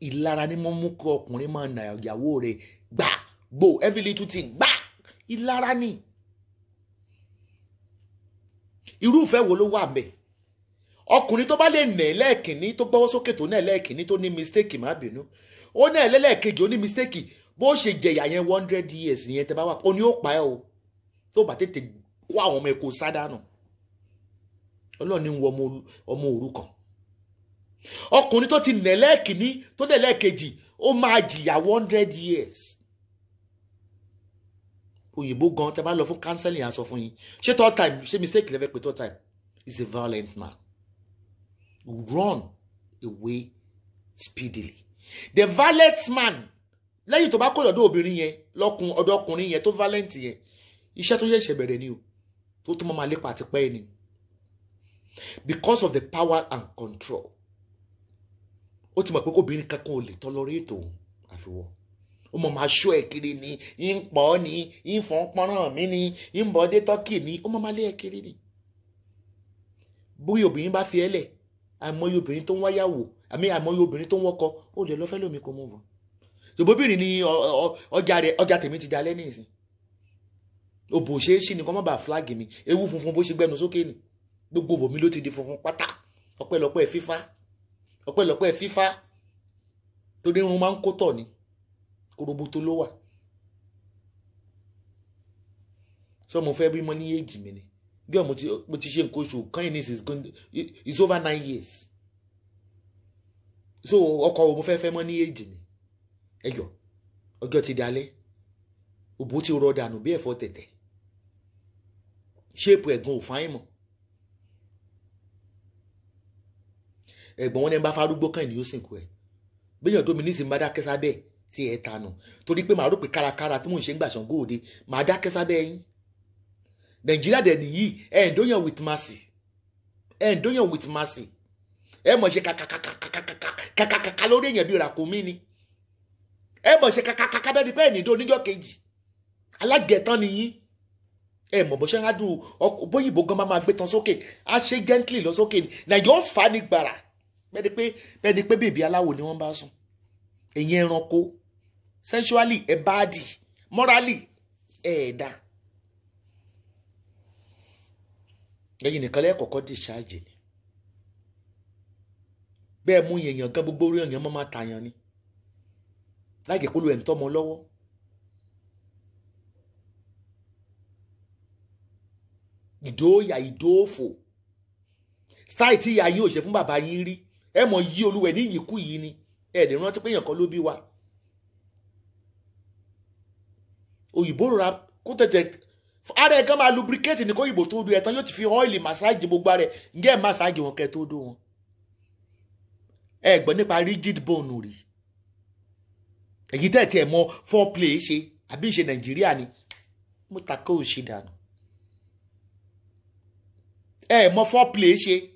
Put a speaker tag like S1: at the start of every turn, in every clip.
S1: ìlara ni mo mú kọ ọkùnrin máa nà ìyàwó rẹ̀ gbà gbò every little thing gbà ìlara ni irúfẹ́ wo ló wà bẹ́ẹ̀ ọkùnrin tó bá lè nà ẹ́ lẹ́ẹ̀kínní tó gbọ́wọ́ sókè tó nà ẹ́ lẹ́ẹ̀kínní tó ní mistake má bínú ó nà ẹ́ lẹ́ẹ̀kejì ó ní mistake bó ṣe jẹ̀yà yẹn one hundred years yẹn tẹ́ bá wà ó ní ó pa ẹ́ o tó bá tètè kó àwọn ọmọ ẹ̀kọ́ sádánù ọlọ́ọ̀ni ń wọ ọmọ òru kan ọkùnrin tó ti nà lẹ́ẹ̀kínní tó dẹ̀ lẹ́ẹ̀kejì ó máa jìyà one hundred years òyìnbó gan tẹ bá lọ fún counseling à sọ fún yín ṣé third time ṣé mistake lẹ́fẹ̀ẹ́ pé third time is a violent man run away speedily the violent man lẹ́yìn tó bá kó ọ̀dọ̀ obìnrin yẹn lọ́kùn ọ̀dọ̀ ọkùnrin yẹn tó violent yẹn iṣẹ́ tó ṣẹ̀ṣẹ̀ bẹ̀rẹ̀ ni o tó tó máa lépa àti pẹ́ ni because of the power and control ó ti mọ̀ pé obìnrin kankan ò lè tolerate òun àfiwọ́ ó mọ̀ máa ṣó ẹ̀ kiri ni ń pọ̀ ọ́ ni ń fọ́n pọ́nrán mi ni ń bọ̀ dé tọ́kì ni ó mọ̀ máa lé ẹ̀ kiri ni. bóyá obìnrin bá fi ẹ́ lẹ̀ àmọ́yé obìnrin tó ń wáyàwó àmì àmọ́yé obìnrin tó ń wọ́kọ ó lè lọ́fẹ́ lómi kò mú wọn. ṣùgbọ́bìnrin ni ọjà rẹ̀ ọjà tèmi ti dalẹ́ nísìn. òbò ṣe é ṣì ní kọ́ mọ́ bá flag mi ewu funfun bó ṣe gbẹnu sókè ni gbogbo bòmí ló ọpẹ́lọpẹ́ fífá torí irun máa ń kó tọ̀ ni koroboto ló wà sọ mo fẹ́ bí mo ní èjì mi ni bí ọmọ mo ti ṣe nǹkan oṣù kan is over nine years so ọkọ wo mo fẹ́ fẹ́ mọ́ ní èjì mi ẹjọ ọjọ́ ti dalẹ̀ òbó ti rọ dànù bí ẹ̀fọ́ tẹ̀tẹ̀ ṣéèpù ẹ̀gàn ò fáyín mọ́. ẹ̀gbọ́n wọn ní ẹ bá farúgbó kàn ní yóò sìnkú ẹ̀ bẹ́yàn tó mi ní ìsìn bá dákẹ́ sábẹ́ tí ẹ ta nù torí pé màá rò pé kárakára tí mò ń ṣe ń gbà Ṣàngó òde màá dákẹ́ sábẹ́ yín Nàìjíríà dẹ̀ nìyí ẹ̀ ń dóyàn with mercy ẹ̀ ń dóyàn with mercy ẹ̀ mọ̀ ṣe kàkàkàkàkàkàkàkà lórí èèyàn bíi ràkúnmí ni ẹ̀ mọ̀ ṣe kàkàkàkà bẹ́ẹ̀ ni pé ẹ̀ nìdó oníjọ́ kejì alágẹ̀tán nìyí ẹ mọ̀ bó ṣe ń rádùn bóyìnbó gan máa gbé tán sókè á ṣe gently lọ sókè ni nàìjíríà ó ní gbàrà bẹ́ẹ̀ ni pé bẹ́ẹ̀ ni pé bèbí aláwo ni wọ́n bá sùn ẹ̀yin ẹranko sexually ẹ báàdì morally ẹ ẹ̀dá ẹ̀yin nìkan lẹ́ẹ̀kọ̀ọ̀kan dì ṣáàjì ni bẹ́ẹ̀ mú yẹ̀yàn gan gbogbo orí èèyàn mọ́ máa tàyàn ni láìkè kó lu ẹ̀ ń tọ́mọ lọ́wọ́. ìdóòyà ìdóòfò style ìyá yín ò ṣe fún bàbá yín rí ẹ mọ̀ yí olúwẹ̀ ní ìyíkú yìí ni ẹ lè rántí pé èèyàn kan ló bí wa. òyìnbó ra kó tètè ara ẹ̀ kan máa lubricate ní kó òyìnbó tó do ẹ̀ tán yóò ti fi ọ́ìlì màsáàjì gbogbo rẹ̀ ǹjẹ́ ẹ̀ màsáàjì wọn kẹ́ tó dó wọn. ẹ gbọ́ nípa rigid bone rí èyí tẹ̀ tí four mọ foreplay ṣe àbí ìṣe nàìjíríà ni mo tako kó o ṣe dànù ẹ mọ foreplay ṣe.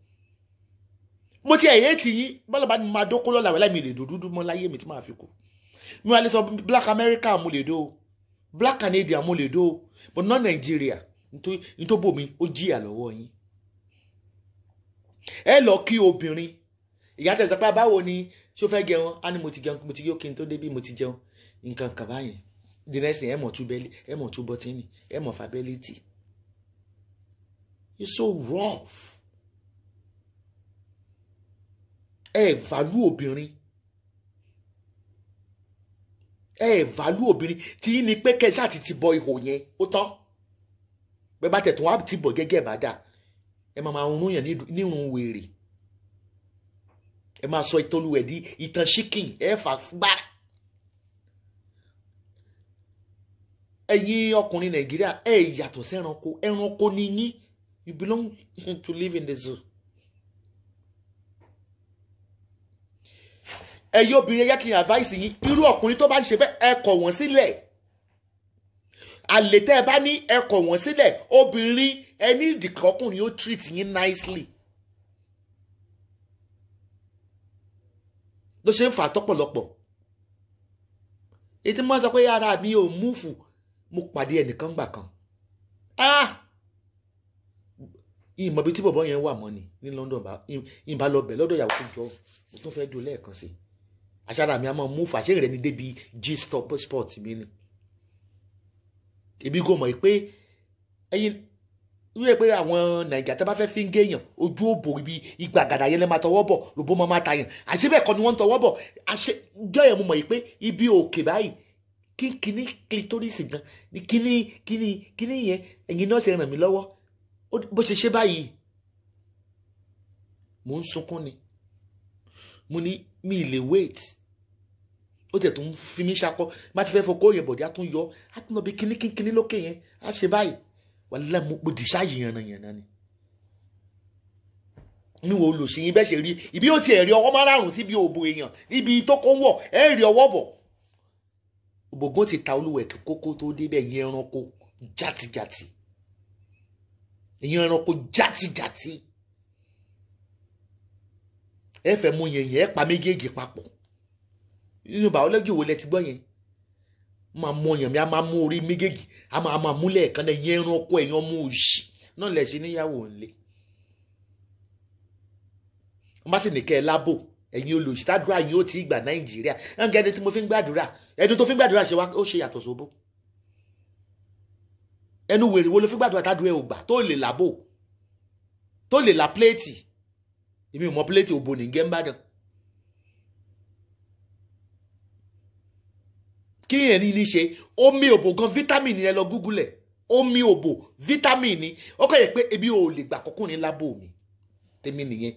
S1: mo ti ẹ̀yẹ́ ti yín bọ́lá bá ní máa dókó lọ́la wẹ́lá mi lè dó dúdú mọ́ láyé mi tí máa fi kù mi wàá lè sọ black America mo lè dó black Canada mo lè dó but not Nigeria nítorí bòmí ó jìyà lọ́wọ́ yín ẹ lọ kí obìnrin ìyá tẹ̀sán pé ah, báwo ni ṣó fẹ́ gẹun á ní mo ti gẹun mo ti yó kí n tó débi mo ti jẹun nǹkan kàbá yẹn the next thing ẹ mọ̀ tú bẹ́lí ẹ mọ̀ tú bọ́tínì ẹ mọ̀ fa tì you so rough. ẹ ẹ valú obìnrin ẹ ẹ valú obìnrin tí yín ni pé kẹsà ti ti bọ ihò yẹn ó tán bẹ́ẹ̀ bá tẹ̀tún wá ti bọ̀ gẹ́gẹ́ bá dà ẹ máa máa rún yàn nírun wèrè ẹ máa sọ ìtọ́lùwẹ̀ di ìtàn ṣíkìn ẹ fà gbá. ẹ̀yin ọkùnrin nàìjíríà ẹ yàtọ̀ sí ẹranko ni yín you belong to live in the zoo. ẹ̀yin obìnrin yẹ kí n advice yín irú ọkùnrin tó bá ń ṣe bẹ́ẹ̀ ẹ kọ̀ wọ́n sílẹ̀ àlè tẹ́ ẹ bá ní ẹ kọ̀ wọ́n sílẹ̀ obìnrin ẹni ìdìkọ́kùnrin ó treat yín nicely. ló ṣe ń fà tọ́pọ̀lọpọ̀ ètí mo sọ pé ara mi ò múfù mo pàdé ẹnìkan gbà kan ah! ìmọ̀ bíi tí bọ̀bọ̀ yẹn wà mọ́ ni ní London ìbá lọ bẹ̀ lọ́dọ̀ ìyàwó tó jọ mo tún fẹ́ dúró lẹ́ẹ̀kan sí i aṣáára mi a máa mú fàṣẹ rẹ ní débi gist sport mi ni Ebi kò mọ̀ pé ẹyin wíwẹ́ pé àwọn nàìjíríà tó bá fẹ́ fi ń géèyàn ojú òbò ibi ìgbà àgàdà yẹn lè máa tọwọ́ bọ̀ lóbó máa máa tayàn àṣé bẹ́ẹ̀ kọ́ ni wọ́n ń tọwọ́ bọ̀ àṣé jọ́yẹ̀ mo mọ̀ yìí pé ibi òkè báyìí kí kíní clitoris gan ni kíní kíní kíní yẹn ẹ̀yin náà ṣe ràn mí lọ́wọ́ bó ṣe ṣe báyìí mò ń sunkún ni mo ní mi ì lè wait ó tẹ̀ tó ń fi mí ṣakọ má ti fẹ́ fọ kóyìn bọ̀dé á tún yọ á tún lọ bí kíní kíní lókè yẹn á ṣe báyìí wàlẹ́ mo pè dìṣà yìí yànnà yànnà ni. mi wo olùsìyìn bẹ́ẹ̀ ṣe rí ibi ó tiẹ̀ rí ọwọ́ márààrún síbi òbò èèyàn níbi tó kó ń wọ̀ ẹ̀ ń rí ọwọ́ bọ̀. ògbógbó ti ta olúwẹ̀ kókó tó débẹ̀ yẹn ẹranko játijàti ìyẹn ẹranko játijàti ẹ fẹ́ mú yẹn yẹn pa méjèèjì papọ̀ nínú biology wo lẹ ti gbọ́ yẹn máa mú ọyàn mi a máa mú orí méjèèjì a máa máa mú lẹ́ẹ̀kan náà yẹn ẹran ọkọ ẹ̀yàn ọmọ òṣì náà lẹ̀ ṣe níyàwó ńlé wọ́n bá sì ní kẹ́ ẹ lábò ẹ̀yin olùṣítàdúrà yìí ó ti gbà nàìjíríà ẹ̀ǹkẹ́ ẹni tí mo fi ń gbàdúrà ẹni tó fi ń gbàdúrà ṣe wá ó ṣe yàtọ̀ sóbó ẹnu wèrè wo ló fi gbàdúrà tá ẹ ò tó lè làbò tó lè la pléètì èmi ò mọ pléètì òbò nìgẹ́ ń kí ni ẹni ní ṣe omi òbò gan vitamin yẹn lọ gúgúlẹ̀ omi òbò vitamin ó kọ̀ yẹ pé ebi ò lè gbà kókó ní lábò mi tèmi nìyẹn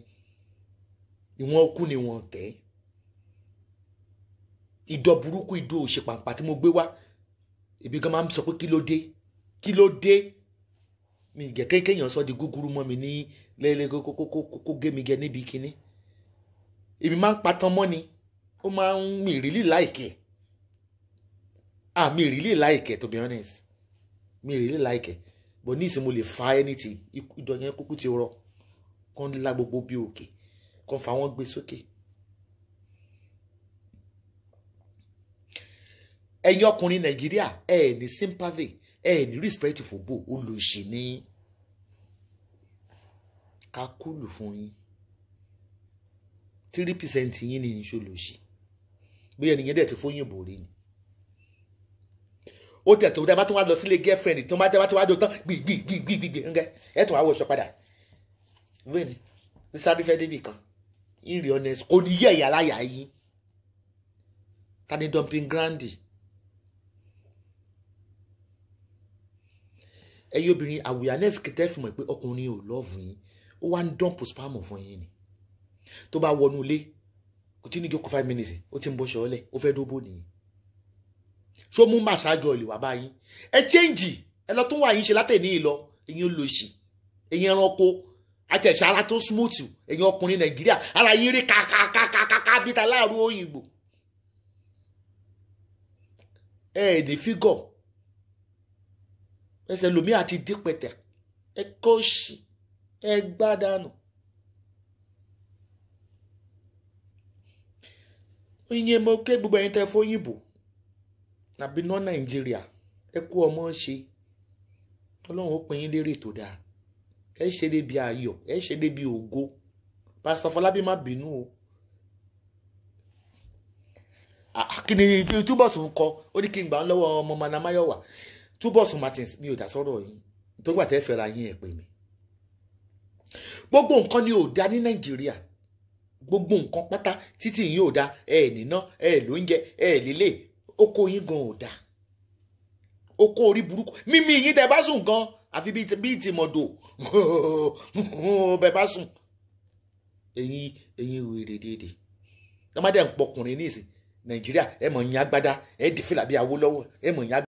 S1: ìwọ̀n okú ni wọ́n tẹ̀ ìdọ̀ burúkú ìdọ̀ òṣèpàǹpà tí mo gbé wá ebi gan máa ń sọ pé kí ló dé kí ló dé mi gẹ kéèyàn sọ di gúgúrú mọ́ mi ní lẹ́lẹ́ kókókókó gé mi gẹ níbi kíní èmi máa ń patán mọ́ ni ó máa ń mìírí líláìkẹ́ ah mi really like it, to be honest Me really like it, but ní ìsìn mo le fa anything ìjọ yẹn kúkú ti rọ kán lá gbogbo bí òkè kán fa wọn gbé sókè. ẹ̀yin ọkùnrin nàìjíríà ẹ ẹ̀ ní sympathy ẹ ẹ̀ ní respect for bo olùsì ní kakulu fún yín three percent yín ní ìṣòlòsì bí ẹnìyẹn dẹ̀ ti fóyìnbó rí ni ó tẹ̀ tó dáa bá tún wá lọ sílé girlfriend tó má tẹ́ bá tún wá dó tán gbìgbìgbìgbìgbì ń gẹ́ ẹ̀ tún wá wọṣọ padà wíìnì ní sáré fẹ́ débì kan ìrì ọ̀nà kò ní yẹ ìyá láyà yín tani dumping grandi ẹ̀yin obìnrin awareness kẹtẹ́ fi mọ̀ pé ọkùnrin ò lọ́ọ̀fù yín ó wá ń dump spam fún yín ni tó bá wọnú ilé kò tí ní jókòó five minutes ó ti ń bọ́ ṣọ́ọ́lẹ̀ ó fẹ́ dóbò nìyí so mú massage oil wá báyìí ẹ change ẹ lọ tún wà yín ṣe látẹ̀ní ìlọ ẹ̀yin olóṣì ẹ̀yin ẹranko àtẹ̀sẹ̀ ara tó smooth ẹ̀yin ọkùnrin nàìjíríà ara yín rí kàkàkàkàkà bíi ta láàrú òyìnbó ẹ ẹ ní fígọ̀ ẹsẹ̀ lomi àti dípẹ̀tẹ̀ ẹ kọ́ọ̀ṣì ẹ gbádànù. ìyẹn mo ké gbogbo ẹ̀yin tẹ fóyìnbó tàbí ná nàìjíríà ẹ kú ọmọ ṣe ọlọ́run ó pín yín lérè tó dáa ẹ ṣe débi ayọ̀ ẹ ṣe débi ògo pásítọ̀ fọlábí má bínú o ah, kíni túbọ̀sùn kọ ó ní kí n gbà ń lọ́wọ́ ọmọ manamáyọ̀wá túbọ̀sùn martins mi ò dá sọ́rọ̀ yín nítorí wà tẹ́ fẹ́ra yín ẹ̀ pè mí gbogbo nǹkan ni ò dá ní nàìjíríà gbogbo nǹkan pátá títí yín ò dá ẹ níná ẹ lóúnjẹ ẹ lílé oko yín gan ò dáa oko orí burúkú mímí yín tẹ bá sùn gan àfi bíi ti mọ̀dò bẹ bá sùn ẹ̀yin ẹ̀yin wèrè déédéé ẹ má dẹ̀ ń pọkùnrin ní ìsìn nàìjíríà ẹ mọ̀ yín agbádá ẹ dì bí Awólọ́wọ̀ ẹ mọ̀ yín agbádá.